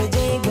मुझे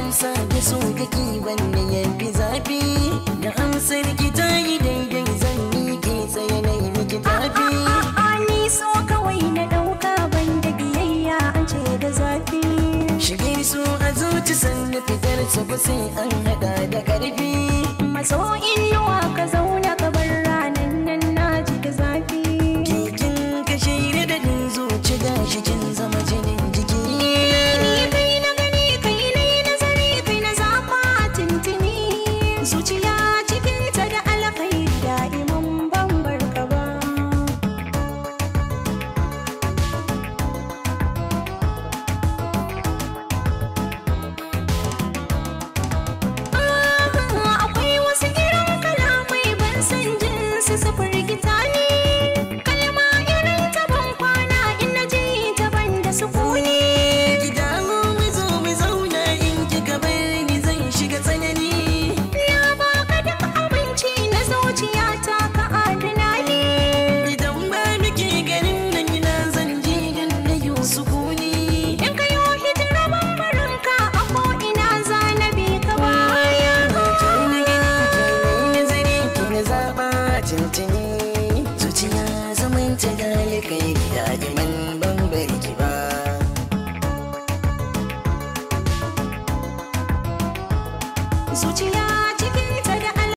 amsa da so kake wanne ya fi zafi da amsar ki ta yi daidai zan miƙe tsaye na yi miki tafi ni so kawai na ɗauka ban da biyayya an ce da zafi shigar su a zuci sannu fitar su sai an haɗa da ƙarfi maso'in